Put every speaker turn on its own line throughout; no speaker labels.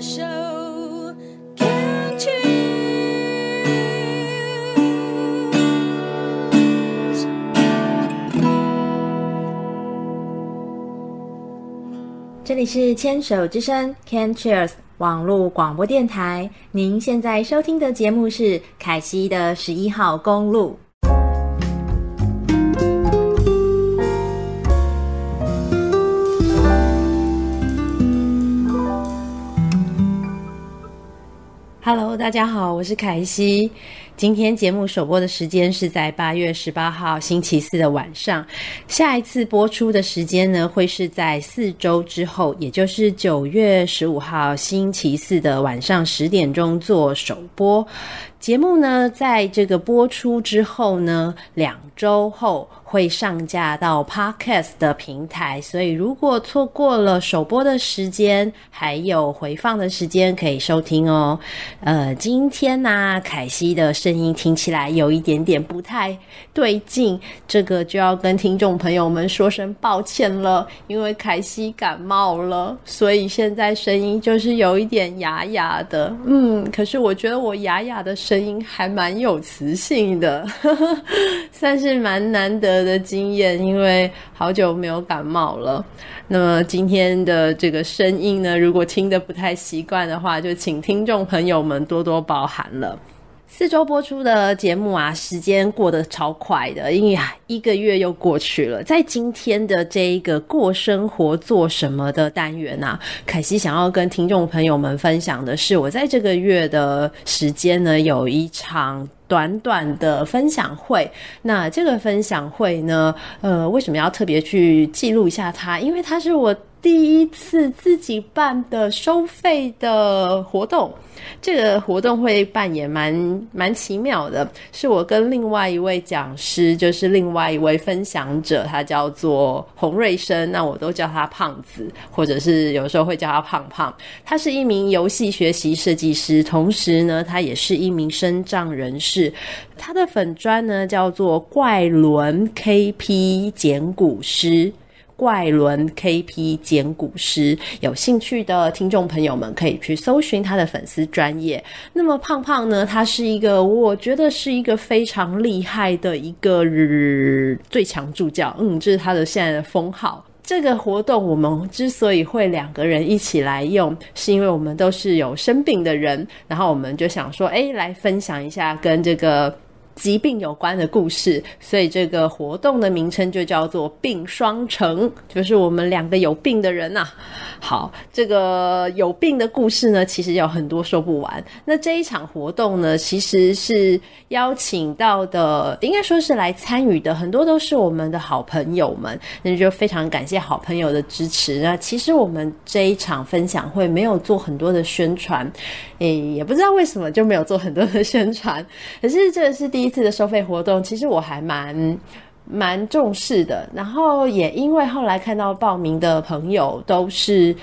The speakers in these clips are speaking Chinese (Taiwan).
Show, Can't you? 這裡是牽手之聲 Can Cheers 網絡廣播電台，您現在收聽的節目是凱西的十一號公路。Hello，大家好，我是凱西。今天節目首播的時間是在八月十八號星期四的晚上，下一次播出的時間呢，會是在四周之後，也就是九月十五號星期四的晚上十點鐘做首播。節目呢，在這個播出之後呢，兩周後會上架到 Podcast 的平台，所以如果錯過了首播的時間，還有回放的時間可以收聽哦。呃，今天呢、啊，凱西的生。聲音聽起來有一點點不太對勁，這個就要跟聽眾朋友們說聲抱歉了，因為凱西感冒了，所以現在聲音就是有一點啞啞的。嗯，可是我覺得我啞啞的聲音還蠻有磁性的， 算是蠻難得的經驗，因為好久沒有感冒了。那麼今天的這個聲音呢，如果聽得不太習慣的話，就請聽眾朋友們多多包涵了。四周播出的節目啊，時間過得超快的，因為一個月又過去了。在今天的這一個過生活做什麼的單元呢，啊，凱西想要跟聽眾朋友們分享的是，我在這個月的時間呢，有一場短短的分享會。那這個分享會呢，呃，為什麼要特別去記錄一下它？因為它是我。第一次自己辦的收費的活動，這個活動會辦也蠻蠻奇妙的。是我跟另外一位講師，就是另外一位分享者，他叫做洪瑞生，那我都叫他胖子，或者是有時候會叫他胖胖。他是一名遊戲學習設計師，同時呢，他也是一名身障人士。他的粉專呢，叫做怪輪 KP 剪骨師。怪輪 KP 撿骨師，有興趣的聽眾朋友們可以去搜尋他的粉絲專頁。那麼胖胖呢？他是一個，我覺得是一個非常厲害的一個日最強助教。嗯，這是他的現在的封號。這個活動我們之所以會兩個人一起來用，是因為我們都是有生病的人，然後我們就想說，哎、欸，來分享一下跟這個疾病有關的故事，所以這個活動的名稱就叫做“病雙乘”，就是我們兩個有病的人吶、啊。好，這個有病的故事呢，其實有很多說不完。那這一場活動呢，其實是邀請到的，應該說是來參與的，很多都是我們的好朋友們。那就非常感謝好朋友的支持。那其實我們這一場分享會沒有做很多的宣傳，誒，也不知道為什麼就沒有做很多的宣傳。可是這是第。第一次的收費活動，其實我還蠻蠻重視的。然後也因為後來看到報名的朋友都是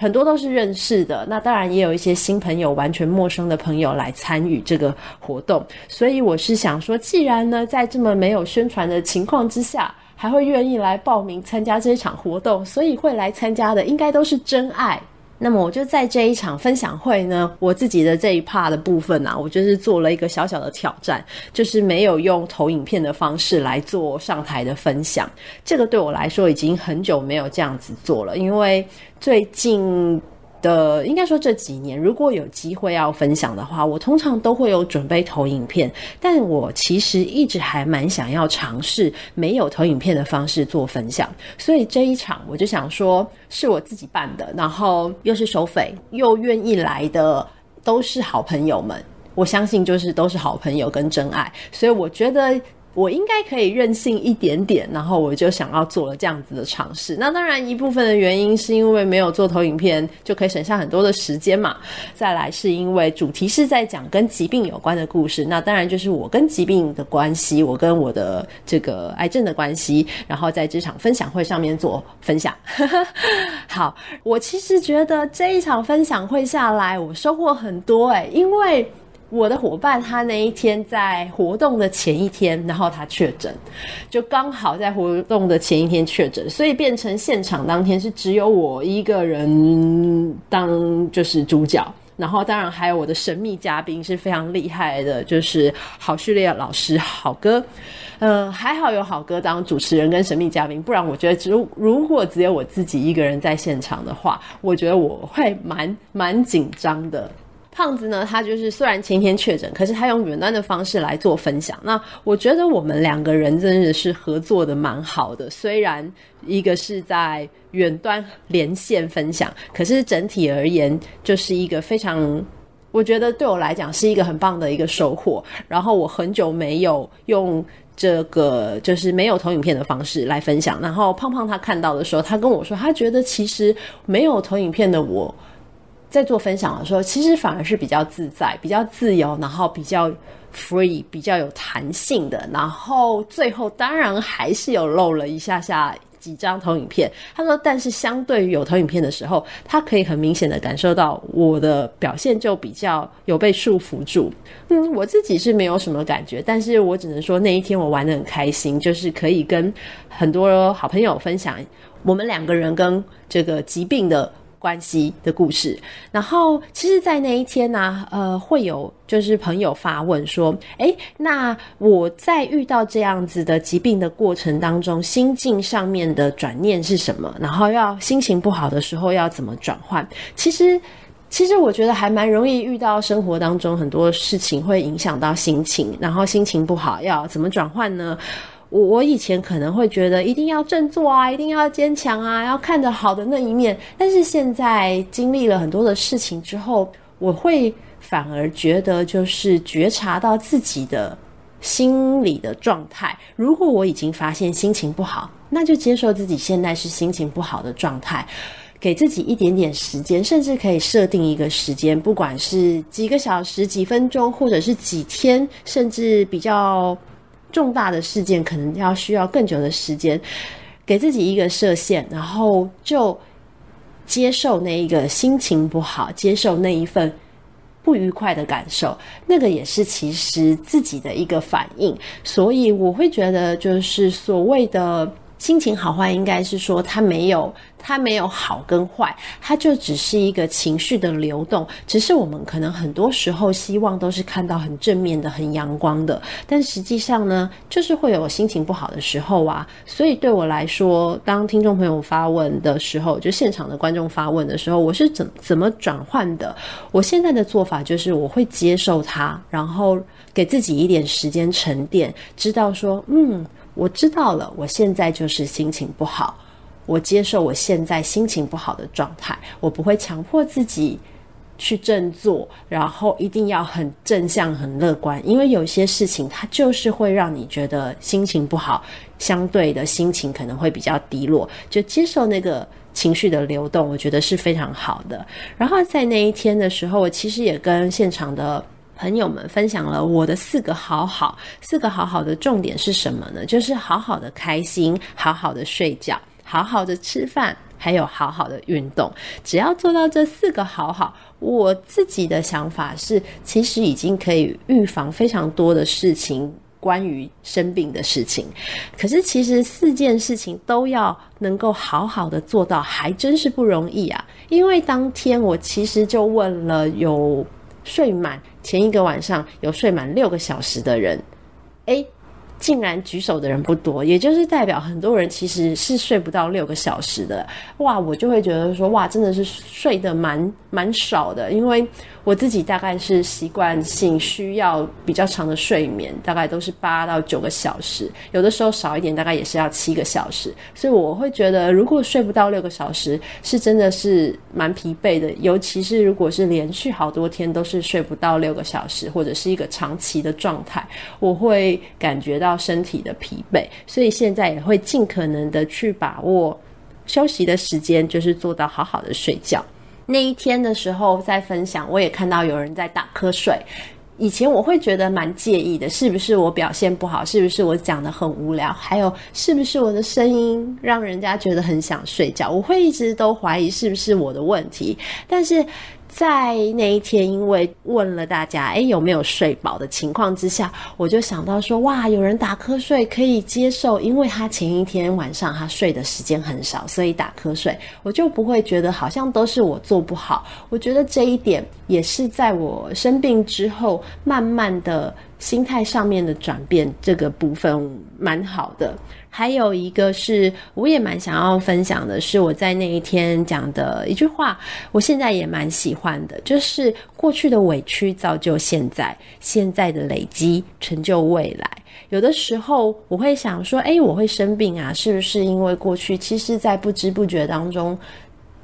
很多都是認識的，那當然也有一些新朋友完全陌生的朋友來參與這個活動。所以我是想說，既然呢，在這麼沒有宣傳的情況之下，還會願意來報名參加這一場活動，所以會來參加的應該都是真愛。那麼我就在這一場分享會呢，我自己的這一 part 的部分呢、啊，我就是做了一個小小的挑戰，就是沒有用投影片的方式來做上台的分享。這個對我來說已經很久沒有這樣子做了，因為最近。的應該說這幾年，如果有機會要分享的話，我通常都會有準備投影片。但我其實一直還蠻想要嘗試沒有投影片的方式做分享，所以這一場我就想說是我自己辦的，然後又是收費，又願意來的都是好朋友們。我相信就是都是好朋友跟真愛，所以我覺得。我應該可以任性一點點，然後我就想要做了這樣子的嘗試。那當然，一部分的原因是因為沒有做投影片就可以省下很多的時間嘛。再來是因為主題是在講跟疾病有關的故事，那當然就是我跟疾病的關係，我跟我的這個癌症的關係，然後在這場分享會上面做分享。 好，我其實覺得這一場分享會下來，我收穫很多誒、欸，因為。我的夥伴他那一天在活動的前一天，然後他確診，就剛好在活動的前一天確診，所以變成現場當天是只有我一個人當就是主角，然後當然還有我的神秘嘉賓是非常厲害的，就是郝旭烈老師郝哥，嗯、呃，還好有郝哥當主持人跟神秘嘉賓，不然我覺得只如果只有我自己一個人在現場的話，我覺得我會蠻蠻緊張的。胖子呢，他就是雖然前天確診，可是他用遠端的方式來做分享。那我覺得我們兩個人真的是合作的蠻好的。雖然一個是在遠端連線分享，可是整體而言，就是一個非常，我覺得對我來講是一個很棒的一個收穫。然後我很久沒有用這個，就是沒有投影片的方式來分享。然後胖胖他看到的時候，他跟我說，他覺得其實沒有投影片的我，在做分享的時候，其實反而是比較自在、比較自由，然後比較 free、比較有彈性的。然後最後當然還是有露了一下下幾張投影片。他說：“但是相對於有投影片的時候，他可以很明顯的感受到我的表現就比較有被束縛住。嗯，我自己是沒有什麼感覺，但是我只能說那一天我玩得很開心，就是可以跟很多好朋友分享我們兩個人跟這個疾病的。”關係的故事，然後其實，在那一天呢、啊，呃，會有就是朋友發問說：“誒，那我在遇到這樣子的疾病的過程當中，心境上面的轉念是什麼？然後要心情不好的時候要怎麼轉換？”其實，其實我覺得還蠻容易遇到生活當中很多事情會影響到心情，然後心情不好要怎麼轉換呢？我我以前可能會覺得一定要振作啊，一定要堅強啊，要看着好的那一面。但是現在經歷了很多的事情之後，我會反而覺得，就是覺察到自己的心理的狀態。如果我已經發現心情不好，那就接受自己現在是心情不好的狀態，給自己一點點時間，甚至可以設定一個時間，不管是幾個小時、幾分鐘，或者是幾天，甚至比較。重大的事件，可能要需要更久的時間，給自己一個設限，然後就接受那一個心情不好，接受那一份不愉快的感受，那個也是其實自己的一個反應，所以我會覺得就是所謂的。心情好壞應該是說，它沒有，它沒有好跟壞，它就只是一個情緒的流動。只是我們可能很多時候希望都是看到很正面的、很陽光的，但實際上呢，就是會有心情不好的時候啊。所以對我來說，當聽眾朋友發問的時候，就現場的觀眾發問的時候，我是怎怎麼轉換的？我現在的做法就是，我會接受它，然後給自己一點時間沉澱，知道說，嗯。我知道了，我現在就是心情不好，我接受我現在心情不好的狀態，我不會強迫自己去振作，然後一定要很正向、很樂觀，因為有些事情它就是會讓你覺得心情不好，相對的心情可能會比較低落，就接受那個情緒的流動，我覺得是非常好的。然後在那一天的時候，我其實也跟現場的。朋友們分享了我的四個好好，好，四個好好的重點是什麼呢？就是好好的開心，好好的睡覺，好好的吃飯，還有好好的運動。只要做到這四個好好，我自己的想法是，其實已經可以預防非常多的事情，關於生病的事情。可是，其實四件事情都要能夠好好的做到，還真是不容易啊。因為當天我其實就問了有。睡滿前一個晚上有睡滿六個小時的人，誒，竟然舉手的人不多，也就是代表很多人其實是睡不到六個小時的。哇，我就會覺得說，哇，真的是睡得蠻蠻少的，因為。我自己大概是習慣性需要比較長的睡眠，大概都是八到九個小時，有的時候少一點，大概也是要七個小時。所以我會覺得，如果睡不到六個小時，是真的是蠻疲憊的。尤其是如果是連續好多天都是睡不到六個小時，或者是一個長期的狀態，我會感覺到身體的疲憊。所以現在也會盡可能的去把握休息的時間，就是做到好好的睡覺。那一天的時候在分享，我也看到有人在打瞌睡。以前我會覺得蠻介意的，是不是我表現不好？是不是我講得很無聊？還有是不是我的聲音讓人家覺得很想睡覺？我會一直都懷疑是不是我的問題，但是。在那一天，因為問了大家，誒、欸、有沒有睡飽的情況之下，我就想到說，哇，有人打瞌睡可以接受，因為他前一天晚上他睡的時間很少，所以打瞌睡，我就不會覺得好像都是我做不好。我覺得這一點也是在我生病之後慢慢的。心態上面的轉變這個部分蠻好的，還有一個是我也蠻想要分享的，是我在那一天講的一句話，我現在也蠻喜歡的，就是過去的委屈造就現在，現在的累積成就未來。有的時候我會想說，誒，我會生病啊，是不是因為過去？其實，在不知不覺當中。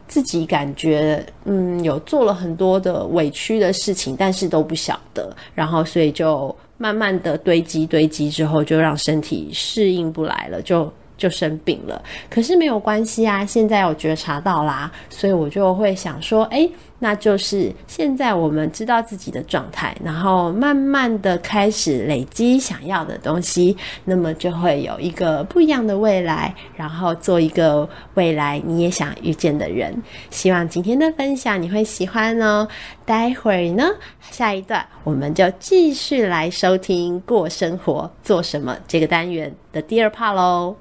自己感覺，嗯，有做了很多的委屈的事情，但是都不曉得，然後所以就慢慢的堆積堆積之後，就讓身體適應不來了，就。就生病了，可是沒有關係啊！現在我覺察到啦，所以我就會想說：誒，那就是現在我們知道自己的狀態，然後慢慢的開始累積想要的東西，那麼就會有一個不一樣的未來。然後做一個未來你也想遇見的人。希望今天的分享你會喜歡哦！待會兒呢，下一段我們就繼續來收聽過生活做什麼這個單元的第二 part 嘍。